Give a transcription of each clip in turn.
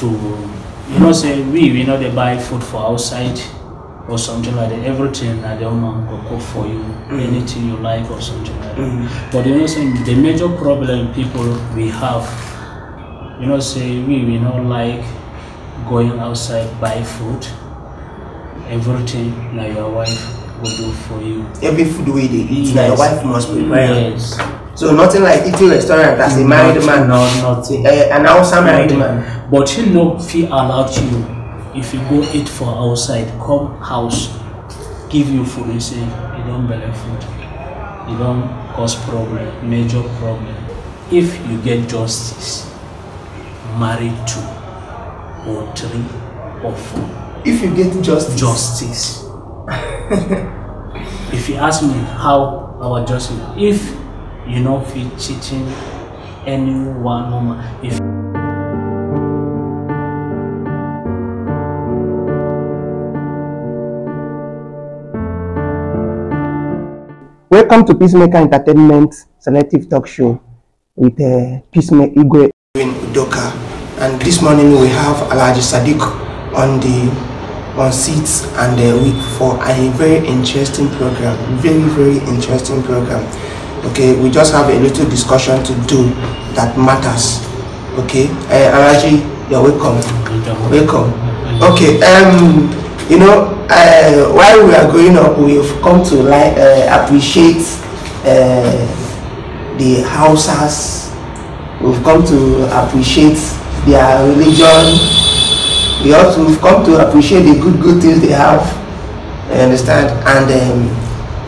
to you know say we we no dey buy food for outside or something like that everything na the woman go cook for you mm-hmm. anything you like or something like that mm-hmm. but you know say the major problem people we have you know say we we no like going outside buy food everything na your wife go do for you every food wey dey eat na your wife must prepare yes So nothing like eating restaurant as a married man. No, nothing. Uh, an outside married man. But he know, if he allowed you, if you go eat for outside, come house, give you food, you say you don't believe food, you don't cause problem, major problem. If you get justice, marry two or three or four. If you get justice. Justice. if you ask me how our justice, if you know feel cheating anyone, one woman if Welcome to Peacemaker Entertainment Selective Talk Show with uh, Peacemaker Igwe in Udoka. And this morning we have Alhaji Sadiq on the on seats and the uh, week for a very interesting program very very interesting program okay we just have a little discussion to do that matters okay uh, Araji you're welcome welcome okay um you know uh, while we are growing up we've come to like uh, appreciate uh, the houses we've come to appreciate their religion we also we've come to appreciate the good good things they have you understand and um,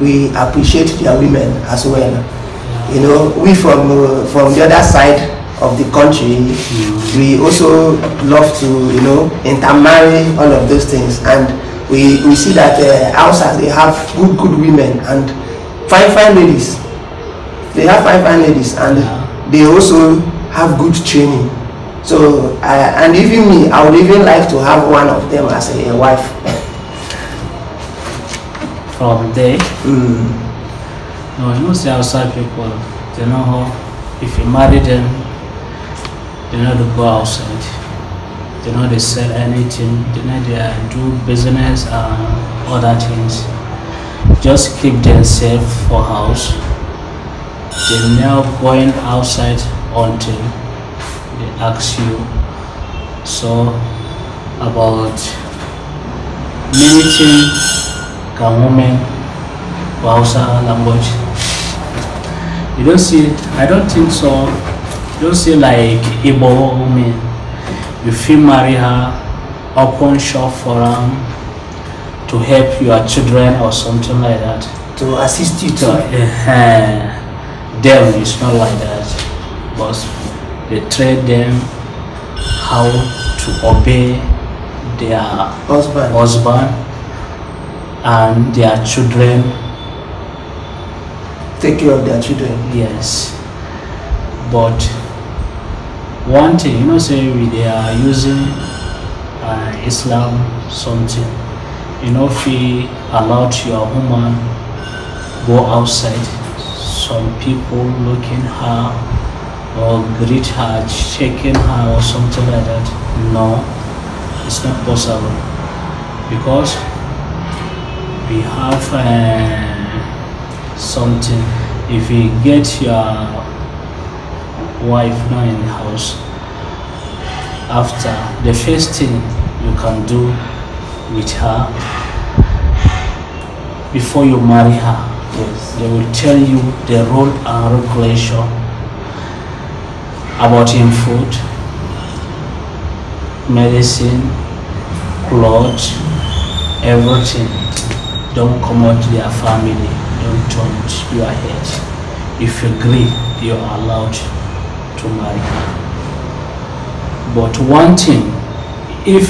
we appreciate their women as well. You know, we from uh, from the other side of the country, mm. we also love to you know intermarry all of those things, and we we see that uh, outside they have good good women and fine fine ladies. They have fine fine ladies, and they also have good training. So, uh, and even me, I would even like to have one of them as a, a wife. from there. Mm. No, see outside people, they know how, if you marry them, they know to go outside. They know they sell anything, they know they do business and other things. Just keep themselves for house. They're now going outside until they ask you. So about limiting na women for Hausa language. You don't see, I don't think so. You don't see like Igbo woman. You feel marry her, open shop for her to help your children or something like that. To assist you to. So, them, uh-huh, it's not like that. But they train them how to obey their husband, husband and their children. Take care of their children. Yes. But one thing, you know, say they are using uh, Islam something. You know, if you allow your woman go outside, some people looking her or greet her, shaking her or something like that. No, it's not possible because we have uh, something if you get your wife not in the house after the first thing you can do with her before you marry her yes. they will tell you the rule and regulation about food medicine clothes everything don't come out to their family. Don't turn your head. If you agree, you are allowed to marry her. But one thing, if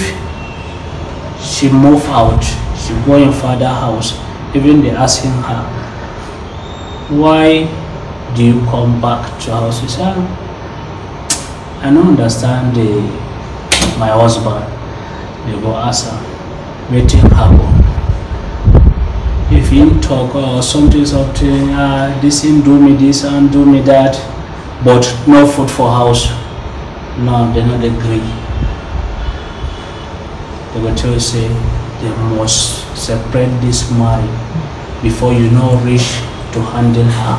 she move out, she go in father house, even they asking her, why do you come back to house? She said, ah, I don't understand the, my husband. They go ask her, what happened? feel talk or uh, something something uh, this him do me this and do me that but no food for house no they not agree they will tell say they must separate this man before you know reach to handle her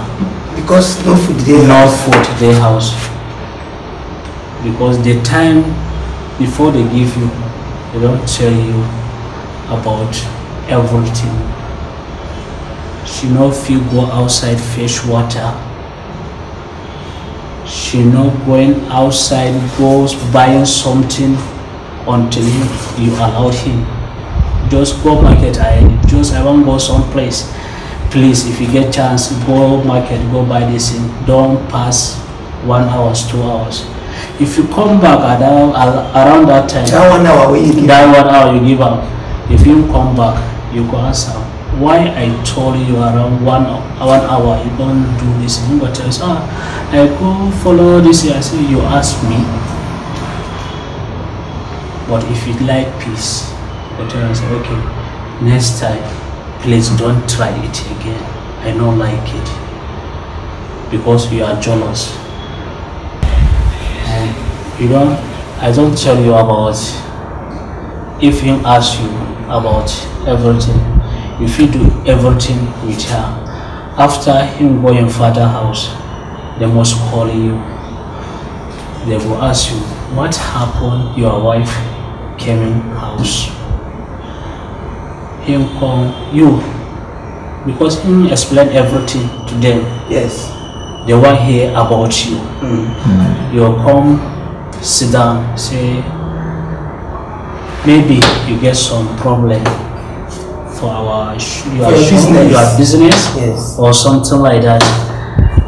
because no food they no food they house because the time before they give you they don't tell you about everything she no feel go outside fresh water she no going outside go buying something until you allow him just go market i just i want go someplace please if you get chance go market go buy this thing not pass one hours two hours if you come back at around that time that one hour you give that one hour you give up. if you come back you go answer why I told you around one, one hour you don't do this thing, but I said, I go follow this. I say, you ask me. But if you like peace, but I say, okay, next time, please don't try it again. I don't like it because you are jealous. And you know, I don't tell you about if him ask you about everything you fit do everything with her after him go your father house they must call you they will ask you what happened your wife came in house him call you because him explain everything to them yes they want to hear about you mm. Mm. you come sit down say maybe you get some problem for our your, for business. your business yes. or something like that.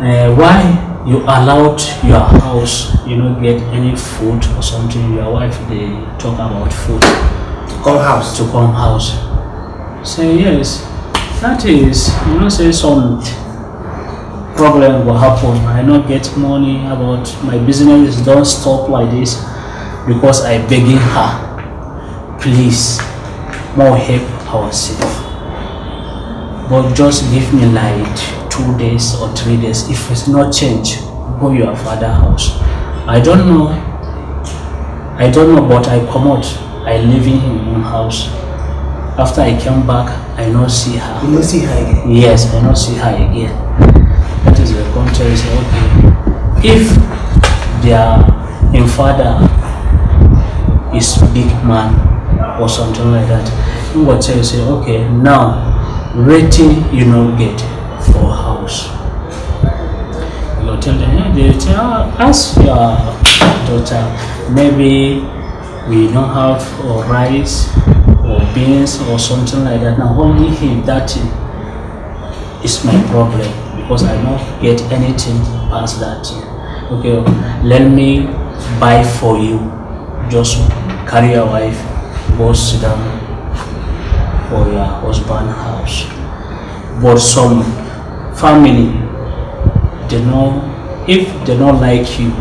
Uh, why you allowed your house you know get any food or something? Your wife they talk about food to come house to come house. Say yes. That is you know say some problem will happen. I not get money about my business don't stop like this because I begging her. Please, more help hours but just give me like two days or three days if it's not change go your father house i don't know i don't know but i come out i live in own house after i came back i not see her you not see her again yes i not see her again that is the contrary say okay if their in father is big man or something like that what you say okay now rating you know get for house you go tell them they tell ask your daughter maybe we don't have or rice or beans or something like that now only him that is my problem because i don't get anything past that okay let me buy for you just carry your wife go sit down for your husband house but some family they no if they no like you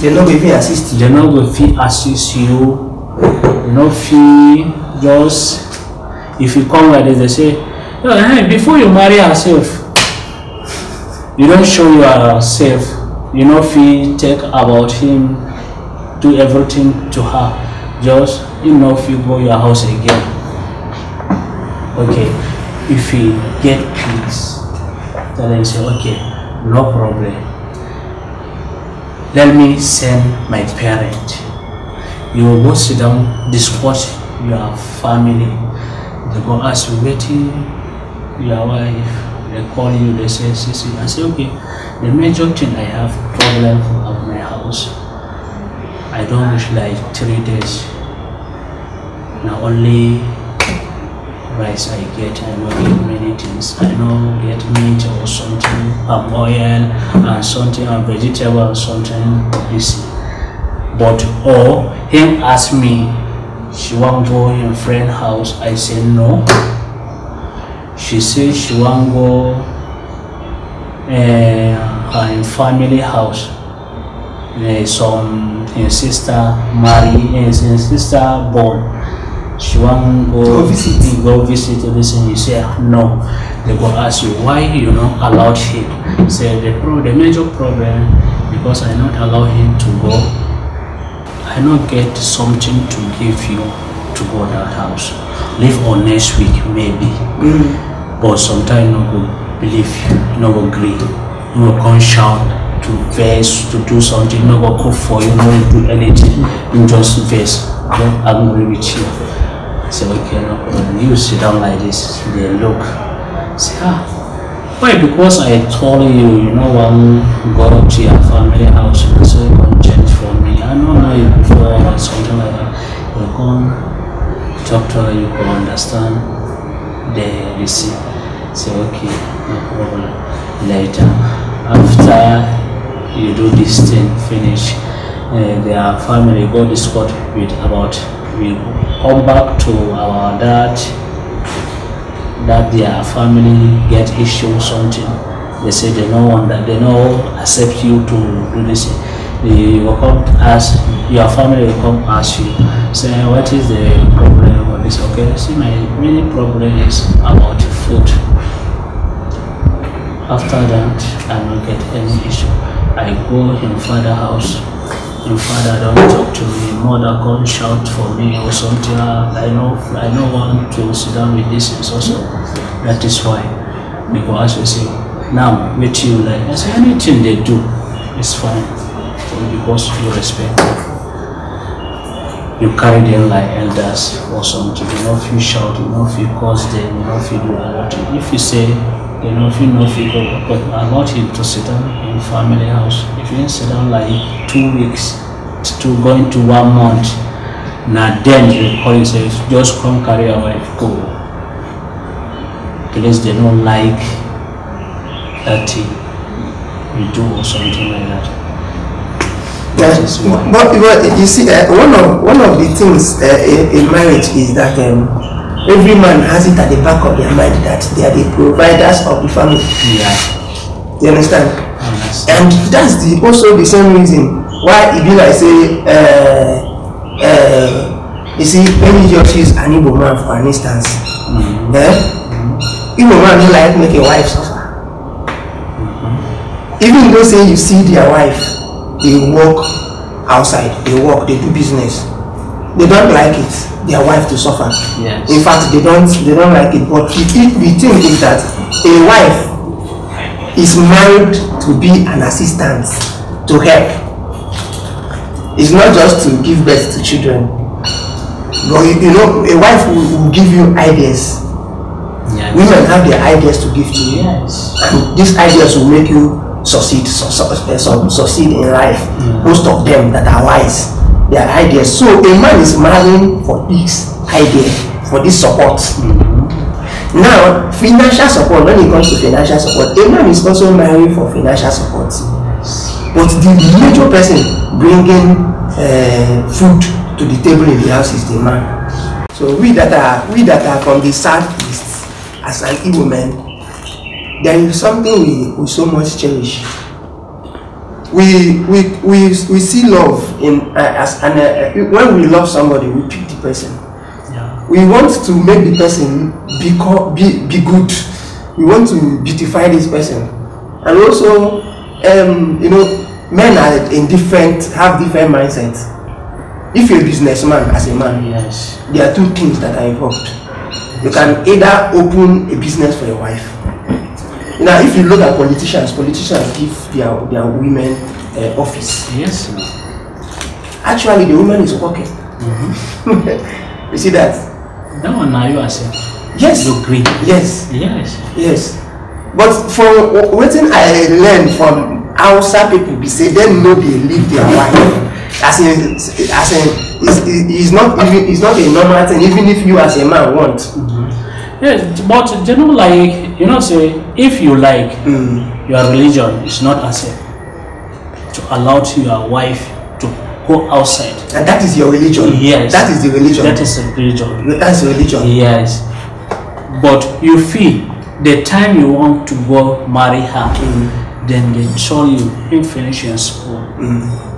they no go fit assist you they no go fit assist you you no fit just if you come like this they say no hey before you marry yourself you don show yourself you no fit take about him do everything to her just you no know, fit go your house again okay if we get peace then I say okay no problem let me send my parent you will go sit down discuss your family they go ask you waiting your wife they call you they say see, i say okay the major thing i have problem at my house i don't wish like three days Now only rice I get, I know ingredients, I know get meat or something, palm oil and something, and vegetable or something, this. But or oh, him ask me, she want go in friend house, I say no. She say she want go uh, eh, in family house. Uh, some his eh, sister marry, his sister born she want go, go visit go visit and you say ah, no they go ask you why you not allowed him say the pro the major problem because i not allow him to go i not get something to give you to go that house leave on next week maybe mm. but sometime no go believe you no go agree, no go come shout to face to do something, not go cook for you, not do anything, you just face. Don't angry with you. So okay, when you sit down like this, they look, say, ah, why? Because I told you, you know, one go to your family house, you so you can change for me. I don't know you before or something like that. You come talk to her, you can understand They see. Say, okay, no problem. Later, after you do this thing, finish, uh, their family go discuss with about we come back to our dad that their family get issue something they say they know one that they know accept you to do this they will come ask your family will come ask you say what is the problem with this okay see my main problem is about food after that i don't get any issue i go in father house You father don't talk to me, mother can't shout for me or something. I know I know want to sit down with this is also. That is why. Because you. say, now meet you like I say anything they do is fine. Because you respect You carry them like elders or something. You know if you shout, you know if you cause them, you know if you do a lot. If you say You know, The nothing no figure, but i want you to sit down in family house. If you sit down like two weeks to going to one month, now then you call yourself, just come carry your wife, go. At least they don't like that thing you do or something like that. Yeah, But, but you see, uh, one of one of the things uh, in, in marriage is that um, every man has it at the back of their mind that they are the providers of the family. Yeah. You understand? understand. And that's the also the same reason why e be like say uh, uh, you see when you just use an Igbo man for an instance. Mm-hmm. Eh? Mm-hmm. man no like make a wife suffer. Mm-hmm. Even though say you see their wife they work outside They work They do business they don't like it their wife to suffer. Yes. In fact, they don't they don't like it. But we think, we think is that a wife is married to be an assistant to help. It's not just to give birth to children. But you, you know, a wife will, will give you ideas. Yes. Women have their ideas to give to you. Yes. And these ideas will make you succeed, su su eh, su succeed in life. Mm. Most of them that are wise their idea so a man is marrying for this idea for this support mm-hmm. now financial support when it comes to financial support a man is also marrying for financial support but the major person bringing uh, food to the table in the house is the man so we that are we that are from the southeast as an igbo man, there is something we we so much cherish we we we we see love in uh, as and uh, uh, when we love somebody we treat the person yeah. we want to make the person be, be be good we want to beautify this person and also um, you know men are in different have different mindsets if you're a businessman as a man yes there are two things that are involved you can either open a business for your wife Now, if you look at politicians, politicians give their, their women uh, office. Yes. Actually, the woman is working. Mm-hmm. you see that? That one now you are saying. Yes. Look green. Yes. Yes. Yes. But for wetin I learn from Hausa people be say dem no dey leave their wife. As in, as in, it's, it's not even, it's not a normal thing. Even if you as a man want. Mm-hmm. Yes, but you know, like you know, say if you like mm. your religion is not accepted to allow to your wife to go outside. And that is your religion. Yes. That is the religion. That is a religion. That's religion. Yes. But you feel the time you want to go marry her, mm. then they show you finish your school. Mm.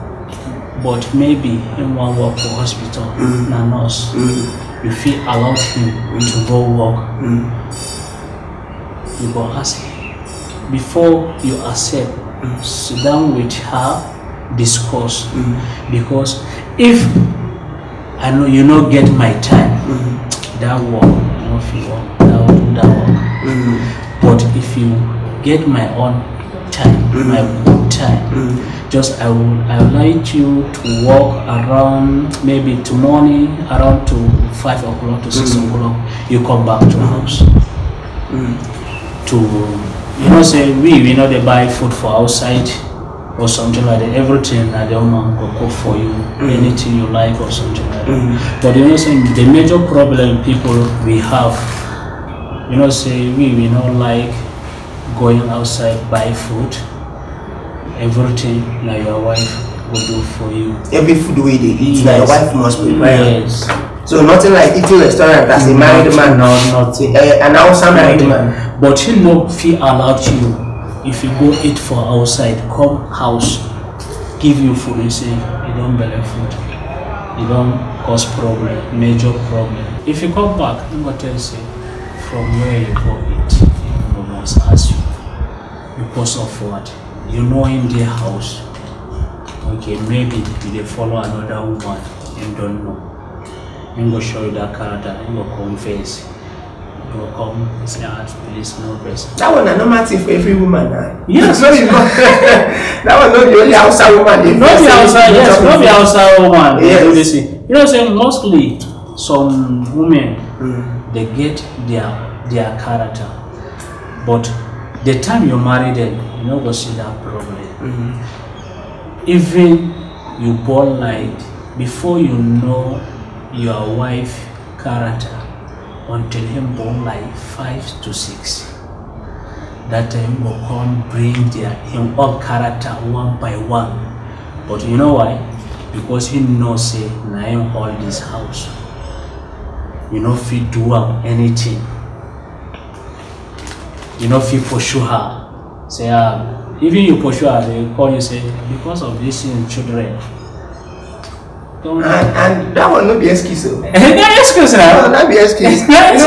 But maybe in one work for hospital, mm. na nurse. Hmm. you fit allow him to go work mm. you go ask before you accept mm. sit down with her discuss mm. because if i know you not get my time that work no fit work that work that work but if you get my own time my time. Mm. Just I would I would like you to walk around maybe to morning around to five o'clock to six mm. o'clock. You come back to uh-huh. house to you know say we we know they buy food for outside or something like that. Everything that the woman will cook for you, mm. anything you like or something like that. Mm. But you know say the major problem people we have, you know say we we not like going outside buy food everything that your wife will do for you. Every food we they eat, yes. your wife must prepare. Yes. So nothing like eating restaurant as a married man. No, nothing. an outside married man. But he no he allowed you if you go eat for outside, come house, give you food and say you don't believe food. You don't cause problem, major problem. If you come back, I'm gonna tell you from where you go eat, you must ask you because of what? you know in their house okay maybe you dey follow another woman him don't know You go show you that character him go confess You go come say ah please no vex. that one na normal thing for every woman na. Ah. yes no be that one not be only hausa woman Not no be hausa yes Not be outside woman dey You this thing you know say mostly some women mm. dey get their their character but the time you marry them you no go see that problem mm -hmm. even you born like before you know your wife character until him born like five to six that time will come bring their him all character one by one but you know why because he know say I am hold this house you know, if you do am anything you know you pursue her say um, even you pursue her they call you say because of this in children and, and that will not be excuse o. Oh. na excuse na. no not be excuse. excuse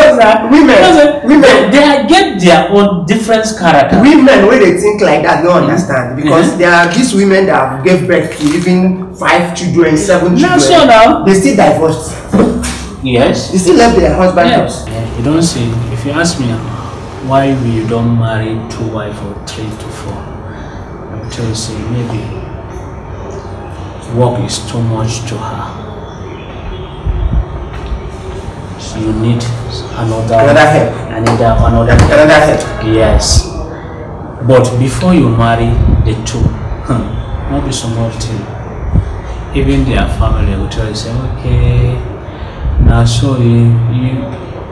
women eh, women. they get their own different character. women when they think like that no understand mm-hmm. because mm -hmm. there are these women that give birth to even five children seven children. na now. they still divorced. yes. they still left their husband. yes. you don't see if you ask me why we don't marry two wife or three to four i I'm telling you say maybe work is too much to her so you need another another help another another help. another help yes but before you marry the two maybe hmm, not be small thing even their family will tell you say okay now so you, you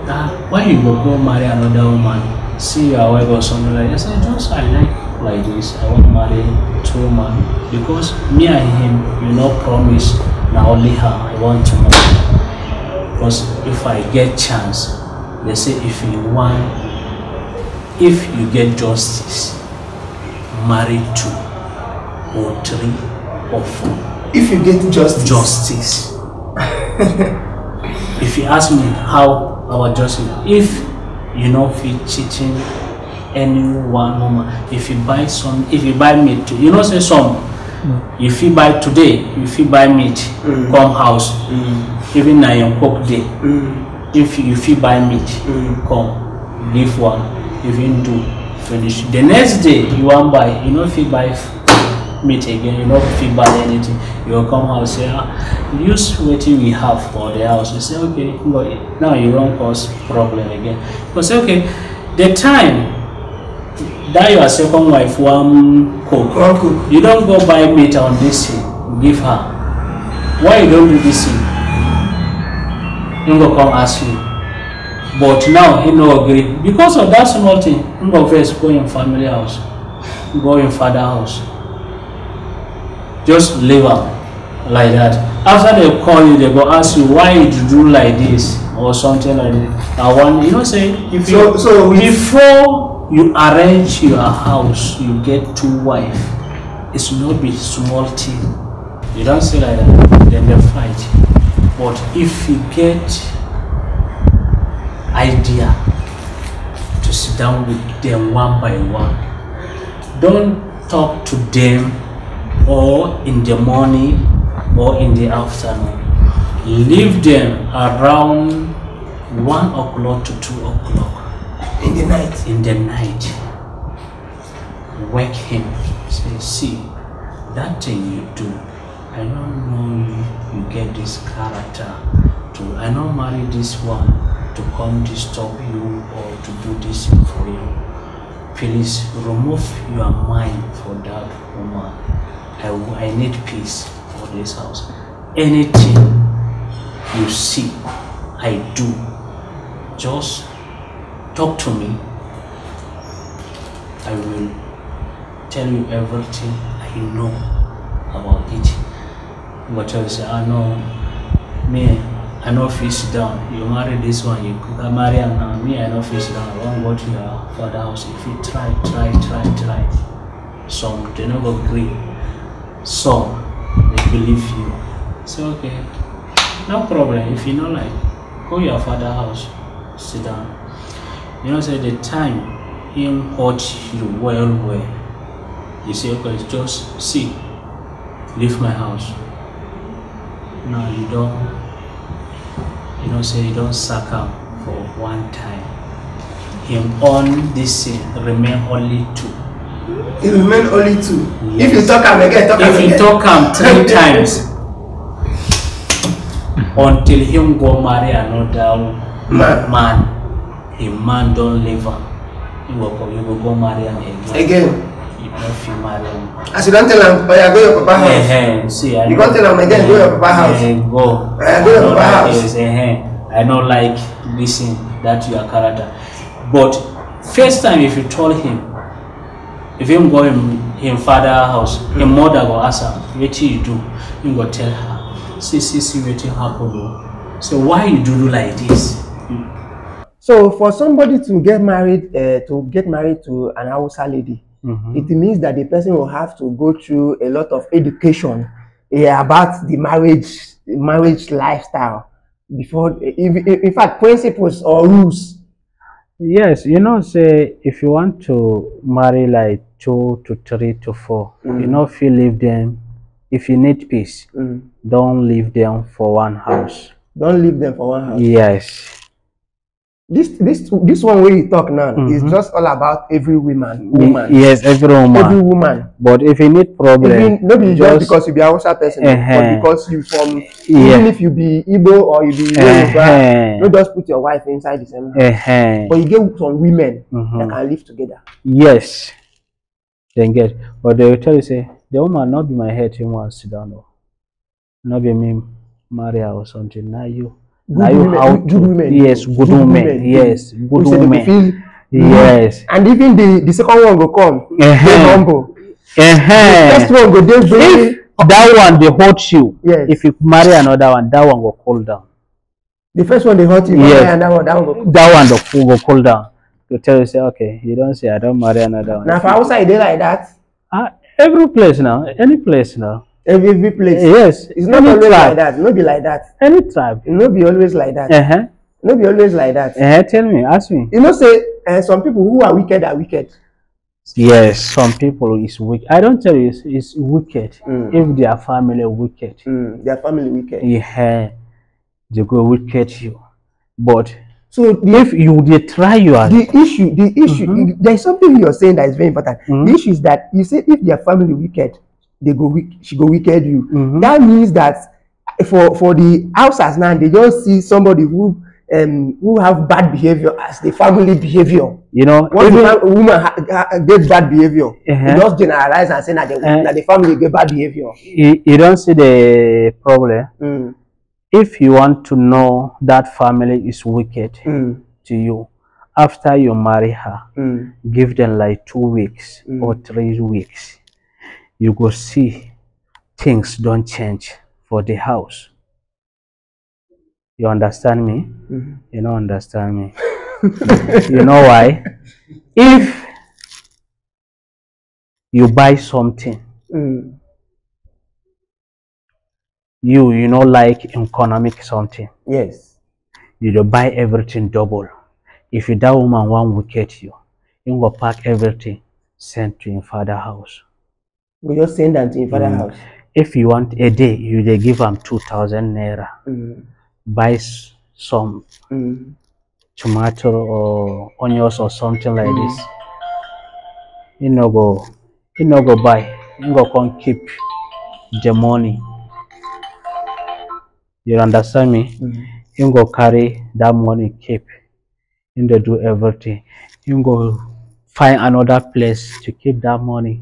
ah, why you go go marry another woman see your wife or something like that. I said, just I like like this. I want to marry two man because me and him, you know, promise. Now only her I want to marry. Because if I get chance, they say if you want, if you get justice, marry two or three or four. If you get justice. Justice. if you ask me how our justice, if you no fit cheating anyone woman. if you buy some if you buy meat you know say some mm. you buy today if you buy meat mm. come house mm. even na yam cook day mm. if you fit buy meat mm. come leave one even do finish the next day you wan buy you no know, fit buy meet again you don't go fit anything you will come house say ah use wetin we have for the house you say okay but now you wan cause problem again you say okay the time that your second wife wan cook you don't go buy meat on this thing give her why you don't do this thing im go come ask you but now im no agree because of that small thing im go first go in family house go in father house just leave am like that after they call you they go ask you why you do like this or something like that i wan you know say if you so, so before you arrange your house you get two wife it's no be small thing you don say like that dem dey fight but if you get idea to sit down with dem one by one don talk to dem or in the morning or in the afternoon. Leave them around 1 o'clock to 2 o'clock. In the night? In the night. Wake him. Say, see, that thing you do, I don't know you, you get this character. To, I don't marry this one to come disturb you or to do this for you. Please remove your mind for that woman I, I need peace for this house. Anything you see, I do. Just talk to me. I will tell you everything I know about it. But I say, I ah, know me, I know fish down. You marry this one, you ah, marry another. Me, I know fish down. I want not you to for the house. If you try, try, try, try, some they never agree. So they believe you. Say, okay, no problem. If you know, like, go your father house, sit down. You know, say the time him watch you well, well. You say, okay, just see, leave my house. No, you don't. You know, say you don't suck up for one time. Him on this remain only two. e remain only two yes. if you talk am again talk am again if you talk am three times until him go marry another man, man him man don leave am he go come He go go marry am again again you no fit marry am as you don tell am oya go your papa house yeah, eh, see, I you go tell am again go your papa eh, house yeah, go oya eh, go your papa house yes, I no like this thing that your character but first time if you tell him If him go him, him father house, mm. him hmm. mother go ask her, what you do? Him go tell her, see, see, see what happen. Oh. So why you do like this? So for somebody to get married, uh, to get married to an Hausa lady, mm -hmm. it means that the person will have to go through a lot of education uh, about the marriage, marriage lifestyle before, eh, in, in fact, principles or rules. Yes, you know, say if you want to marry like two to three to four. Mm. You know, if you leave them, if you need peace, mm. don't leave them for one house. Don't leave them for one house. Yes. This this this one way you talk now mm -hmm. is mm-hmm. just all about every woman. Woman. Yes, every woman. Every woman. But if you need problem, maybe just, just because you be a Hausa person, uh -huh. but uh-huh. because you from yeah. even if you be Igbo or you be Yoruba, uh -huh. not just put your wife inside the same house. Uh -huh. But you get some women mm -hmm. that mm-hmm. can live together. Yes. Then get but they will tell you say the woman not be my head in one sit down o oh. not be me marry or something Now you na you how Good women, yes good women, women yes good women feel, yes and even the the second one will come uh -huh. humble uh -huh. the first one will dey very that one they hurt you yes. if you marry another one that one will cool down the first one they hurt you yes. marry another one that one go cool down that one cool down you tell yourself, okay, you don't say I don't marry another one. Now, I outside, they like that. Uh, every place now, any place now. Every, every place. Yes. It's not always tribe. like that. No be like that. Any tribe. Not be always like that. Uh huh. Not be always like that. Uh -huh. Tell me, ask me. You know, say uh, some people who are wicked are wicked. Yes, some people is wicked. I don't tell you it's, it's wicked mm. if their family wicked. Mm, their family wicked. Yeah, they go wicked you. But So the, if you they try your the issue, the issue, mm mm-hmm. -hmm. there is something you're saying that is very important. Mm -hmm. The mm-hmm. issue is that you say if their family wicked, they go weak, she go wicked you. Mm -hmm. That means that for for the outsiders now, they just see somebody who um who have bad behavior as the family behavior. You know, once a woman ha, ha, get bad behavior, uh -huh. you just generalize and say that the, uh, uh-huh. that the family get bad behavior. You, you don't see the problem. Mm. if you want to know that family is wicked mm. to you, after you marry her, mm. give them like two weeks mm. or three weeks. You go see things don't change for the house. You understand me? -hmm. You don't understand me. you know why? If you buy something, hmm you you know like economic something yes you do buy everything double if you that woman one will get you you will pack everything send to your father house we just send them to your father mm. house if you want a day you they give them 2000 naira mm. buy some mm. tomato or onions or something like mm. this you know go you know go buy you go come keep the money you understand me? Mm. go carry that money keep. You go do everything. You go find another place to keep that money.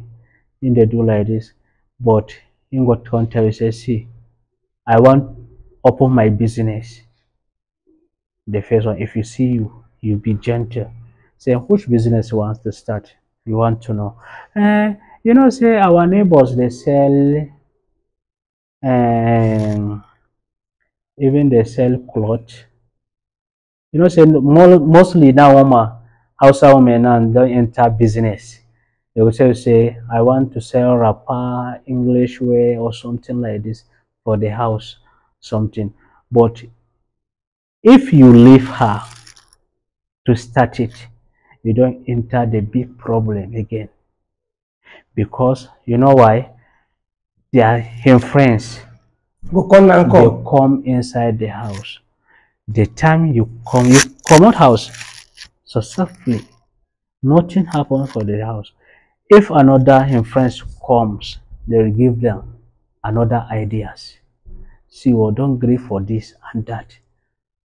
You go do like this. But you go turn tell you say, see, I want open my business. The first one, if you see you, you be gentle. Say which business you want to start. You want to know. Uh, you know, say our neighbors they sell um, even they sell clothes. You know, say mostly now woman, Hausa women and don't enter business. They will say, say, I want to sell wrapper, English way or something like this for the house, something. But if you leave her to start it, you don't enter the big problem again. Because you know why? They are him friends Go come and come. They come inside the house. The time you come, you come out house successfully. Nothing happens for the house. If another in comes, they will give them another ideas. See, well, don't grieve for this and that.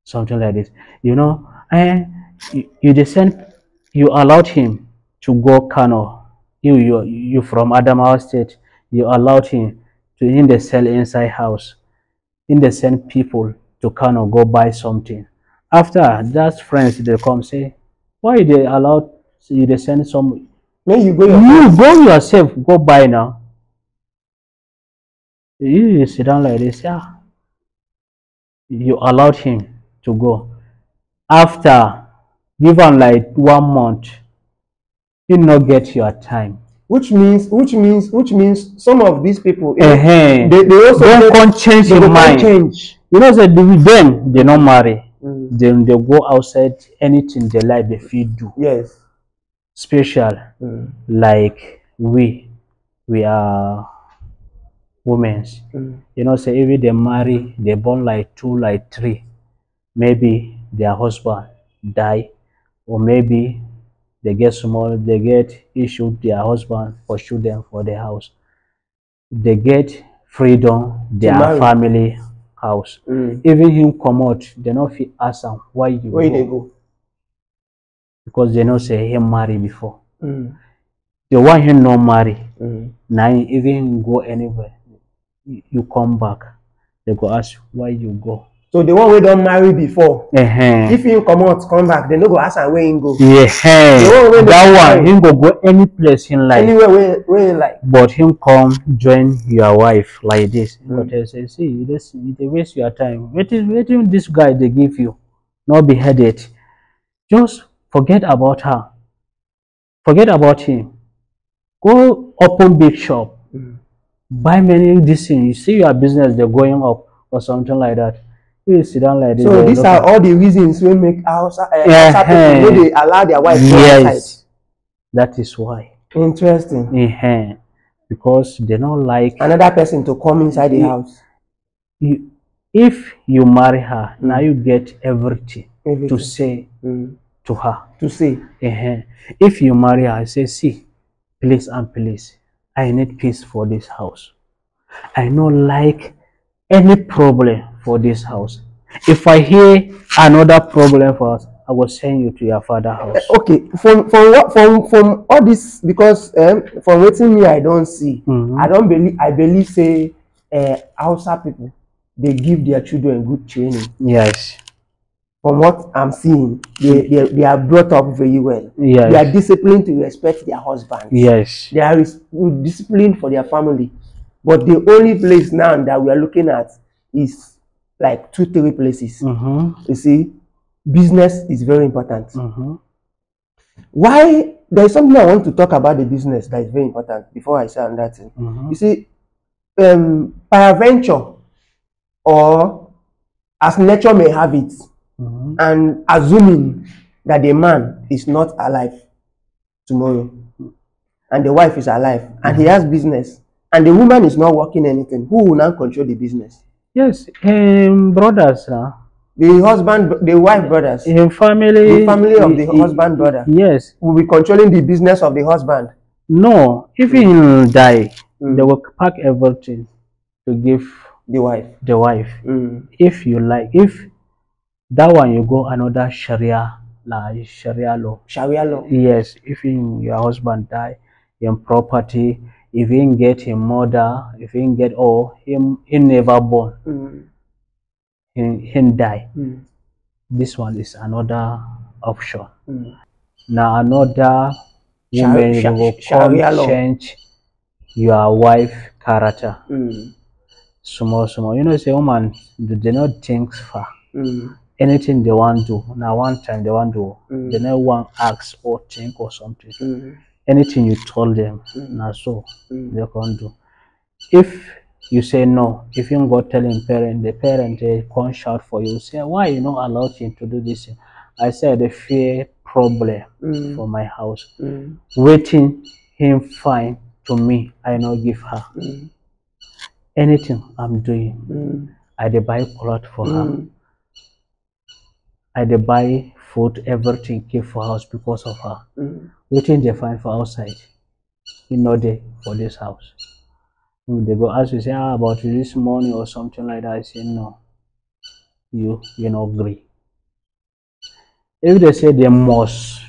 Something like this. You know, Eh, you, you descend, you allowed him to go Kano. You, you, you from Adamawa state, you allowed him to in the sell inside house in the send people to or go buy something after that friends they come say why they allow you they send some May you go you go yourself go buy now you sit down like this yeah you allowed him to go after given like one month you not get your time which means which means which means some of these people uh eh, -huh. they, they also don't can change your mind change you know that then they don't marry mm. then they go outside anything they like they feel do yes special mm. like we we are women mm. you know say if they marry they born like two like three maybe their husband die or maybe they get small they get issued their husband pursue them for the house they get freedom their family house mm. even him come out they not fit ask him why you why go, go because they know say him marry before mm. the one him not marry mm. na even go anywhere you come back they go ask why you go so the one wey don marry before uh -huh. if him comot come back dem no go ask am where him go yeah. the one wey that one marry, him go go any place him like anywhere wey wey him like but him come join your wife like this mm. but i say see you dey you dey waste your time wetin wetin this guy dey give you no be headache just forget about her forget about him go open big shop mm. buy many this thing you see your business dey going up or something like that sit down like this. so these are all the reasons we make house uh, yeah, house people eh. allow their wife go outside. yes that is why. interesting. Uh -huh. because they not like. another person to come inside the house. You, if you marry her mm. now you get everything, everything. to say mm. to her. to say. Uh -huh. if you marry her say see please and please i need peace for this house i not like any problem for this house. If I hear another problem for us, I will send you to your father house. Eh, okay, from from what from from all this because um, from waiting me I don't see. Mm -hmm. I don't believe I believe say uh, Hausa people they give their children good training. Yes. From what I'm seeing, they, they, they are brought up very well. Yes. They are disciplined to respect their husbands. Yes. They are disciplined for their family. But the only place now that we are looking at is like two three places. Mm-hmm. You see, business is very important. Mm-hmm. Why there is something I want to talk about the business that is very important before I say another thing. Mm-hmm. You see, um, paraventure or as nature may have it, mm-hmm. and assuming that the man is not alive tomorrow, and the wife is alive, and mm-hmm. he has business, and the woman is not working anything, who will now control the business? Yes, um, brothers. Uh, the husband, the wife brothers. In family. The family of the he, husband he, brother. Yes. Will be controlling the business of the husband. No, if he mm. die, mm. they will pack everything to give the wife. The wife. Mm. If you like, if that one you go another Sharia, like Sharia law. Sharia law. Yes, if in, your husband die, your property, he didn't get him mother, he didn't get all, him, he never born. Mm. He, he die. Mm. This one is another option. Mm. Now another woman shall, will come change your wife character. Small, small. You know, it's a woman, they, they not think far. Anything they want to do. Now one time they want to do, they not want ask or think or something anything you told them, mm. so mm. they can't do. If you say no, if you go telling parent, the parent they can shout for you, say, why you not allow him to do this? I said the fear problem mm. for my house. Mm. Waiting him fine to me, I not give her. Mm. Anything I'm doing, mm. I they buy clothes for her. I they buy food, everything keep for house because of her wetin they find for outside in no day for this house hmm, they go ask you say ah about this money or something like that I say no you you no agree. if they say they must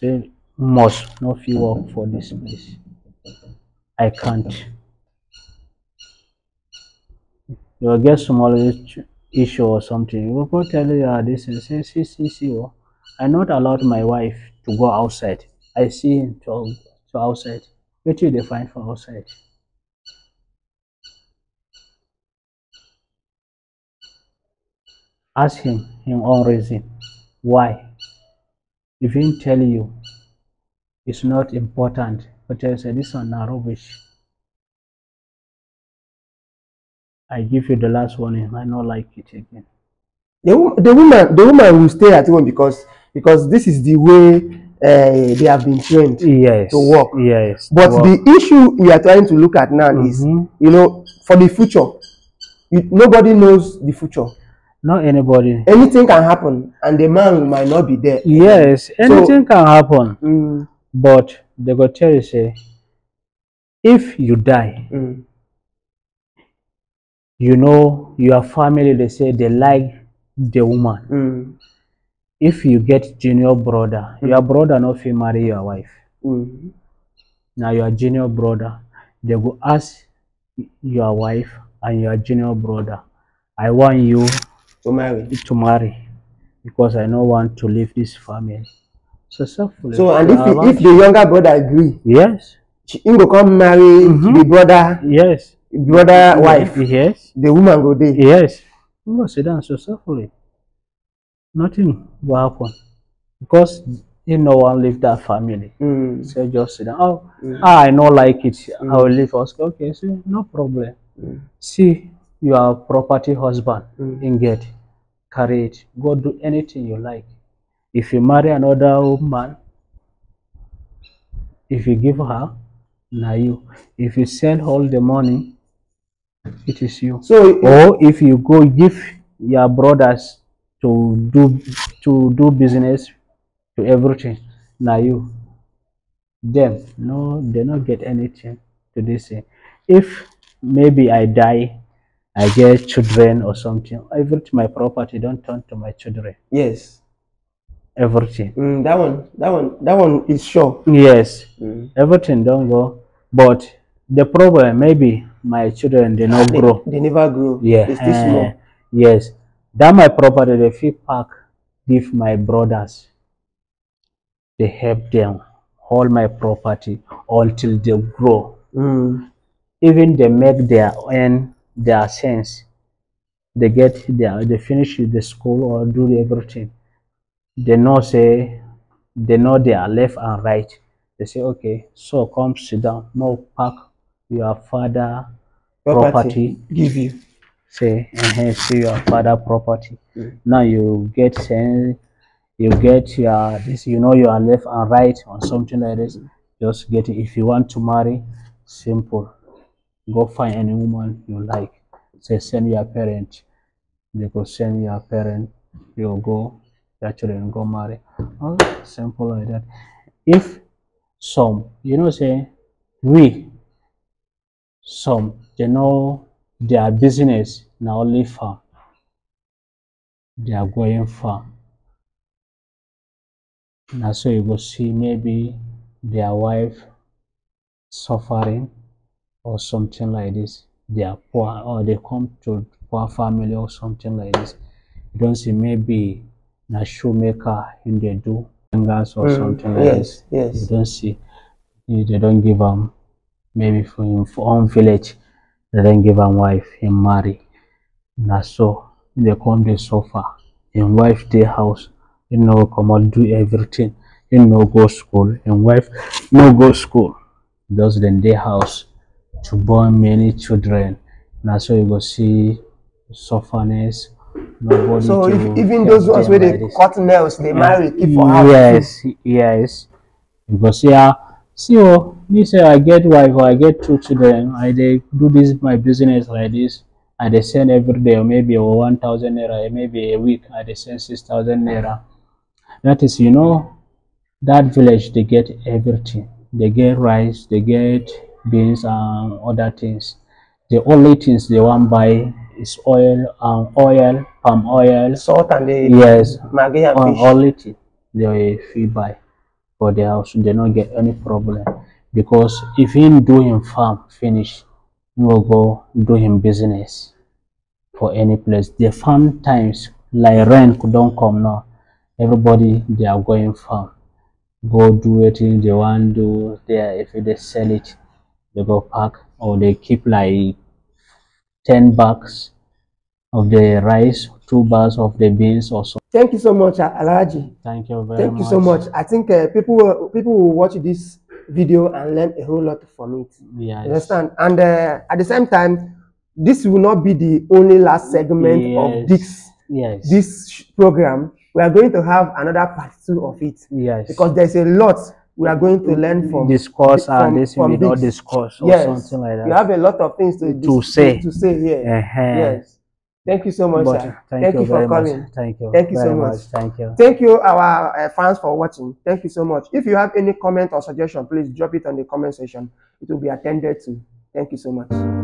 say must no fit work for this place i can't you will get small issue or something you go tell you ah this say, see see see oh i not allowed my wife to go outside I see him to, to outside. What you define for outside? Ask him him own reason. Why? If he tell you it's not important, but I say this one rubbish. I give you the last warning. I not like it again. The, the woman, the woman will stay at home because because this is the way uh, they have been trained yes. to work. Yes, but the issue we are trying to look at now mm -hmm. is, mm-hmm. you know, for the future, nobody knows the future. Not anybody. Anything can happen, and the man might not be there. Yes, anything so, can happen. Mm, but the God say, if you die, mm. you know your family. They say they like the woman. Mm. if you get junior brother mm. your brother not fit marry your wife mm. na your junior brother they go ask your wife and your junior brother i want you to marry to marry because i no want to leave this family successfully so and if, if the younger brother agree yes he go come marry mm -hmm. the brother yes brother wife yes the woman go dey yes him go sit down successfully nothing will happen because you no one leave that family. Mm. So just sit down. Oh, mm. ah, I don't like it. Mm. I will leave. Us. Okay, so no problem. Mm. See, you are property husband. Mm. In get, carry it. Go do anything you like. If you marry another woman, if you give her, now you. If you sell all the money, it is you. So, or if you go give your brothers to do to do business to everything now you them no they not get anything to this thing. if maybe i die i get children or something everything my property don't turn to my children yes everything mm, that one that one that one is sure yes mm. everything don't go but the problem maybe my children they ah, not they, grow they never grow yeah it's this uh, yes that my property, they fit park give my brothers. They help them All my property until they grow. Mm. Even they make their own, their sense. They get their, they finish the school or do everything. They know say, they know they are left and right. They say, okay, so come sit down. No, pack your father property, property give you say see your father property mm. now you get you get your this you know you are left and right or something like this just get it if you want to marry simple go find any woman you like say send your parent they could send your parent you go your children go marry oh, simple like that if some you know say we some they know their business now only far. they are going far. now so you go see maybe their wife suffering or something like this they are poor or they come to poor family or something like this you don't see maybe a shoemaker in the do fingers or mm, something like yes, this yes you don't see they don't give them maybe for him for own village they then give him wife, and marry. Na so they come the sofa. Him wife their house. You know come out do everything. You know go school. And wife no go school. Those then their house to born many children. Na so you go see softness. Nobody so if, even those ones where they cut nails, they yeah. marry, keep for house. Yes, yes. You go see how see oh me say i get wife or i get two children i they do this my business like this i they send every day maybe one thousand naira maybe a week i they send six thousand naira that is you know that village they get everything they get rice they get beans and other things the only things they want buy is oil um oil palm oil salt and the yes maggi and fish. only thing they free buy for their house they don't get any problem because if he do him farm finish he will go do him business for any place the farm times like rain don't come now everybody they are going farm go do it they want do there if they sell it they go pack or they keep like 10 bags of the rice two bags of the beans or so Thank you so much, Alaji. Thank you very Thank you much. so much. I think uh, people will, people will watch this video and learn a whole lot from it. Yes. understand? And uh, at the same time, this will not be the only last segment yes. of this yes. this program. We are going to have another part two of it. Yes. Because there's a lot we are going to learn from discourse and this from, from, this. discourse or yes. something like that. You have a lot of things to, to say to say here. Uh -huh. Yes. Thank you so much, but, sir. Thank, thank you, you for coming. Much. Thank you. Thank you so much. much. Thank you. Thank you, our uh, fans, for watching. Thank you so much. If you have any comment or suggestion, please drop it on the comment section. It will be attended to. Thank you so much.